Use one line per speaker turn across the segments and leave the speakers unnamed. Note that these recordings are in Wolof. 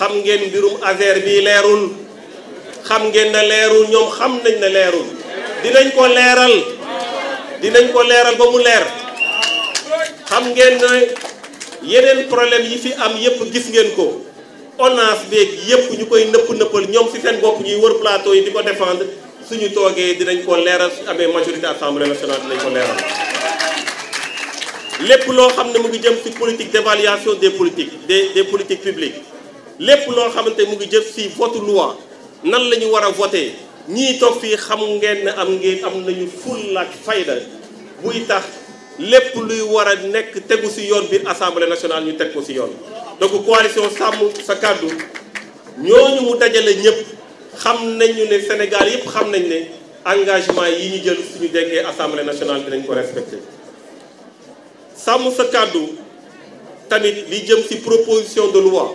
xam ngeen mbirum affaire bi leerul xam ngeen na leerul ñoom xam nañ na leerul dinañ ko leeral dinañ ko leeral ba mu leer xam ngeen yeneen problème yi fi am yépp gis ngeen ko onance beeg yépp ñu koy nëpp nëppal ñoom ci seen bopp ñuy wër plateau yi di ko défendre suñu toogee dinañ ko leeral su amee majorité assemblée nationale dinañ ko leeral lépp loo xam ne mu ngi jëm ci politique d'évaluation des politiques des des politiques publiques lépp lo xamante mu ngi jëf ci vote loi nan lañu wara voter ñi voté fi xam ngeen am ngeen am nañu full ak fayda buy tax lépp luy wara a nekk tegu si yoon biir assemblée nationale ñu teg ko ci yoon. donc coalition sàmm sa cadre ñooñu mu dajale ñëpp xam nañu ne Sénégal yëpp xam nañ ne engagement yi ñu jël suñu déggee assemblée nationale dinañ ko respecter sàmm sa cadre tamit li jëm ci proposition de loi.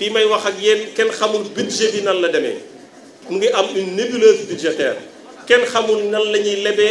fii may wax ak yéen kenn xamul budget bi nan la demee mu ngi am une nébuleuse budgétaire kenn xamul nan la ñuy lebee